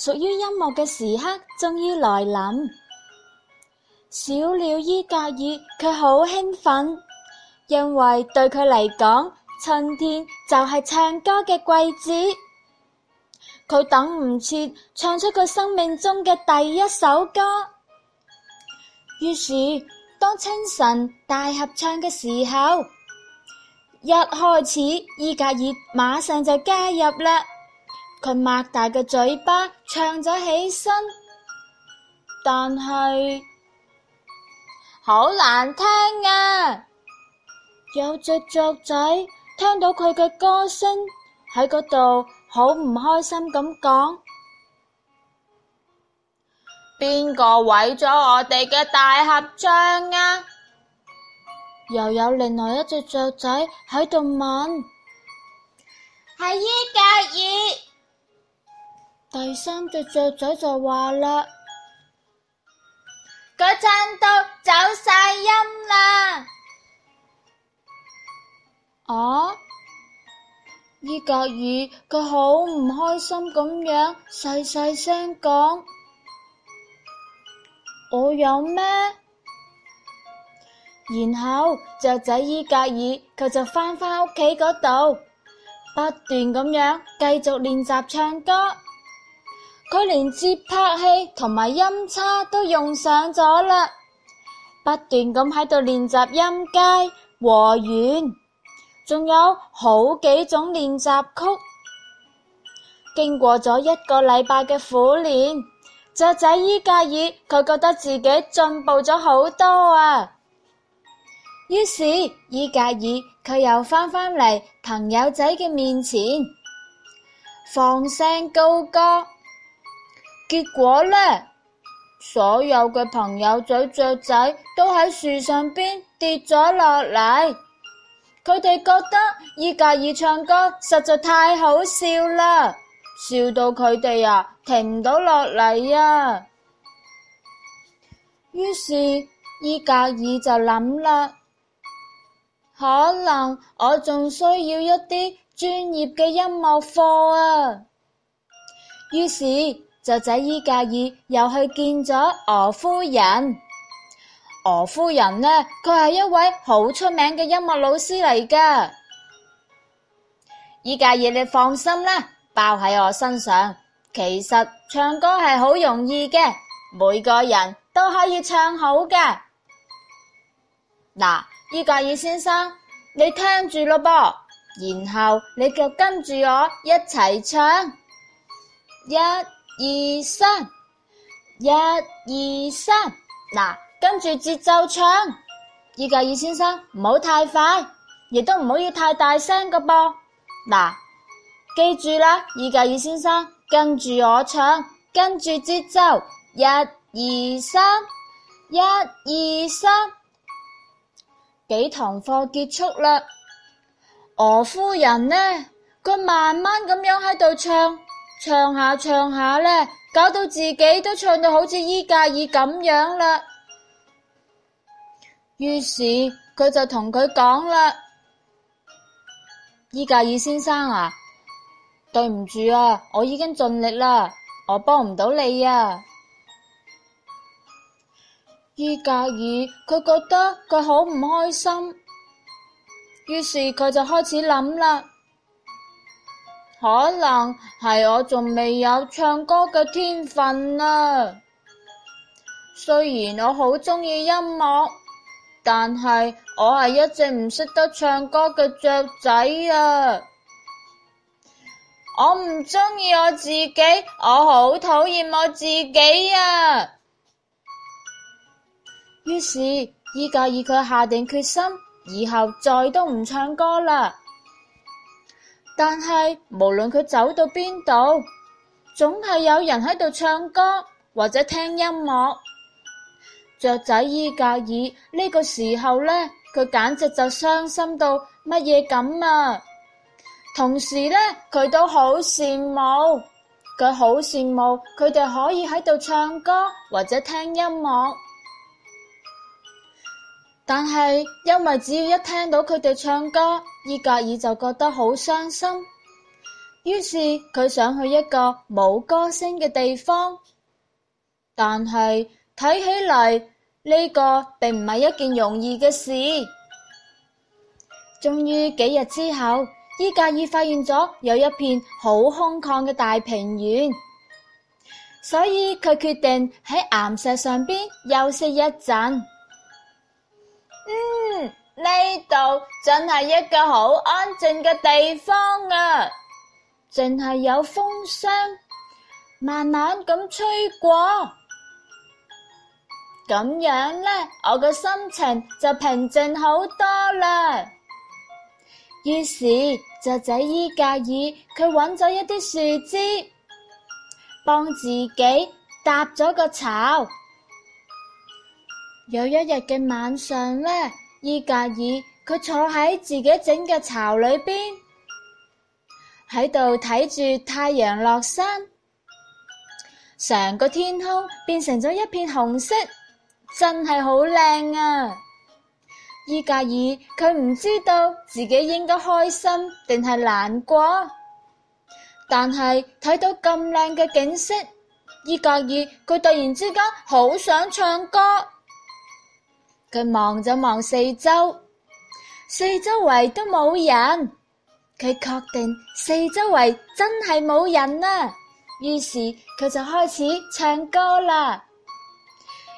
屬於音樂嘅時刻終於來臨，小鳥伊格爾佢好興奮，因為對佢嚟講，春天就係唱歌嘅季節。佢等唔切唱出佢生命中嘅第一首歌。於是，當清晨大合唱嘅時候，一開始伊格爾馬上就加入啦。佢擘大嘅嘴巴唱咗起身，但係好難聽啊！有隻雀仔聽到佢嘅歌聲喺嗰度，好唔開心咁講：邊個毀咗我哋嘅大合唱啊？又有另外一隻雀仔喺度問：係伊格爾。第三隻雀仔就話啦：嗰陣都走晒音啦。哦、啊，伊格爾佢好唔開心咁樣細細聲講：我有咩？然後雀仔伊格爾佢就翻返屋企嗰度，不斷咁樣繼續練習唱歌。佢連節拍器同埋音叉都用上咗啦，不斷咁喺度練習音階和弦，仲有好幾種練習曲。經過咗一個禮拜嘅苦練，雀仔伊格爾佢覺得自己進步咗好多啊。於是伊格爾佢又翻返嚟朋友仔嘅面前放聲高歌。結果呢，所有嘅朋友仔雀仔都喺樹上邊跌咗落嚟。佢哋覺得伊格爾唱歌實在太好笑啦，笑到佢哋啊停唔到落嚟啊。於是伊格爾就諗啦，可能我仲需要一啲專業嘅音樂課啊。於是。就雀仔伊格爾又去見咗鵝夫人。鵝夫人呢、啊，佢係一位好出名嘅音樂老師嚟㗎。伊格爾，你放心啦，包喺我身上。其實唱歌係好容易嘅，每個人都可以唱好嘅。嗱，伊格爾先生，你聽住咯，噃，然後你就跟住我一齊唱一。二三，一二三，嗱，跟住節奏唱，伊格爾先生唔好太快，亦都唔好要太大聲噶噃，嗱，記住啦，伊格爾先生跟住我唱，跟住節奏，一二三，一二三，幾堂課結束啦，俄夫人呢，佢慢慢咁樣喺度唱。唱下唱下呢，搞到自己都唱到好似伊格爾咁樣啦。於是佢就同佢講啦：伊格爾先生啊，對唔住啊，我已經盡力啦，我幫唔到你啊。伊格爾佢覺得佢好唔開心，於是佢就開始諗啦。可能係我仲未有唱歌嘅天分啊。雖然我好鍾意音樂，但係我係一隻唔識得唱歌嘅雀仔啊！我唔鍾意我自己，我好討厭我自己啊！於是依家以佢下定決心，以後再都唔唱歌啦。但係，無論佢走到邊度，總係有人喺度唱歌或者聽音樂。雀仔伊格爾呢個時候呢，佢簡直就傷心到乜嘢咁啊！同時呢，佢都好羨慕，佢好羨慕佢哋可以喺度唱歌或者聽音樂。但係，因為只要一聽到佢哋唱歌，伊格爾就覺得好傷心。於是佢想去一個冇歌聲嘅地方。但係睇起嚟呢個並唔係一件容易嘅事。終於幾日之後，伊格爾發現咗有一片好空曠嘅大平原，所以佢決定喺巖石上邊休息一陣。嗯，呢度真係一個好安靜嘅地方啊，淨係有風聲慢慢咁吹過，咁樣呢，我嘅心情就平靜好多啦。於是，侄仔伊格爾佢搵咗一啲樹枝，幫自己搭咗個巢。有一日嘅晚上呢，伊格爾佢坐喺自己整嘅巢裏邊，喺度睇住太陽落山，成個天空變成咗一片紅色，真係好靚啊！伊格爾佢唔知道自己應該開心定係難過，但係睇到咁靚嘅景色，伊格爾佢突然之間好想唱歌。佢望咗望四周，四周圍都冇人，佢確定四周圍真係冇人啦、啊。於是佢就開始唱歌啦，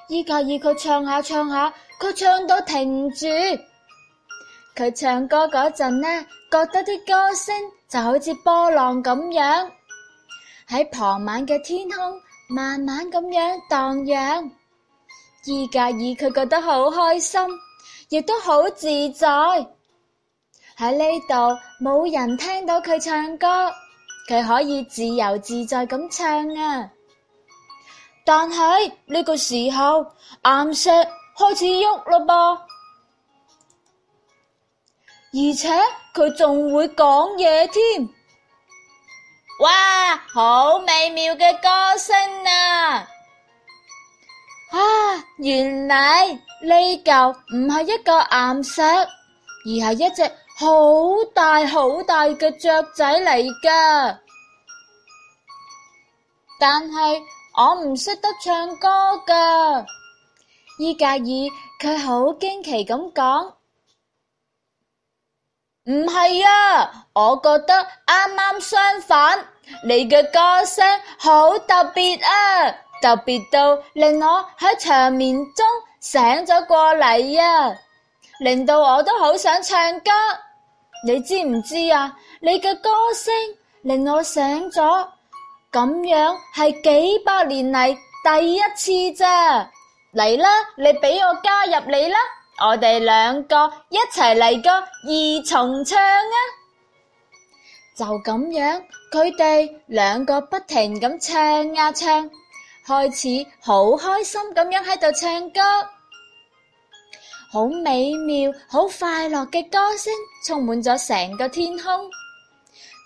依家要佢唱下唱下，佢唱到停唔住。佢唱歌嗰陣呢，覺得啲歌聲就好似波浪咁樣，喺傍晚嘅天空慢慢咁樣蕩漾。伊格爾佢覺得好開心，亦都好自在。喺呢度冇人聽到佢唱歌，佢可以自由自在咁唱啊！但係呢個時候，岩石開始喐啦噃，而且佢仲會講嘢添。哇，好美妙嘅歌聲啊！啊！原來呢嚿唔係一個岩石，而係一隻好大好大嘅雀仔嚟㗎。但係我唔識得唱歌㗎，伊格爾佢好驚奇咁講：唔係啊，我覺得啱啱相反，你嘅歌聲好特別啊！特別到令我喺長眠中醒咗過嚟呀、啊，令到我都好想唱歌。你知唔知啊？你嘅歌聲令我醒咗，咁樣係幾百年嚟第一次咋。嚟啦，你俾我加入你啦，我哋兩個一齊嚟個二重唱啊！就咁樣，佢哋兩個不停咁唱呀、啊、唱。開始好開心咁樣喺度唱歌，好美妙、好快樂嘅歌聲充滿咗成個天空。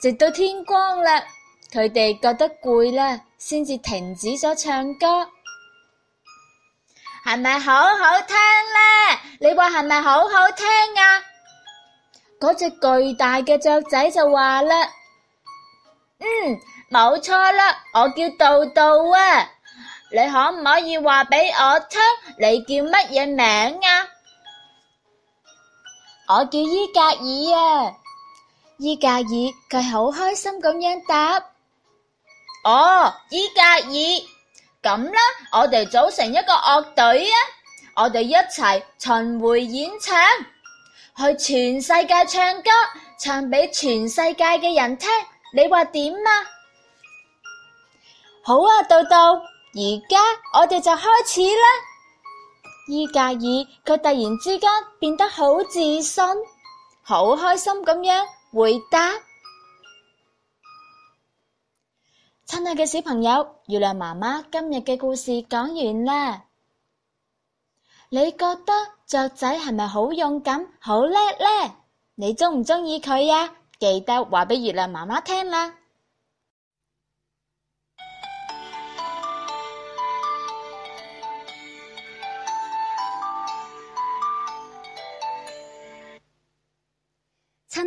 直到天光啦，佢哋覺得攰啦，先至停止咗唱歌。係咪好好聽咧？你話係咪好好聽啊？嗰隻巨大嘅雀仔就話啦：嗯，冇錯啦，我叫杜杜啊。你可唔可以話俾我聽，你叫乜嘢名啊？我叫伊格爾啊，伊格爾佢好開心咁樣答。哦，伊格爾，咁啦，我哋組成一個樂隊啊，我哋一齊巡回演唱，去全世界唱歌，唱俾全世界嘅人聽。你話點啊？好啊，豆豆。而家我哋就開始啦，伊格爾佢突然之間變得好自信、好開心咁樣回答：親愛嘅小朋友，月亮媽媽今日嘅故事講完啦，你覺得雀仔係咪好勇敢、好叻咧？你中唔中意佢呀？記得話俾月亮媽媽聽啦！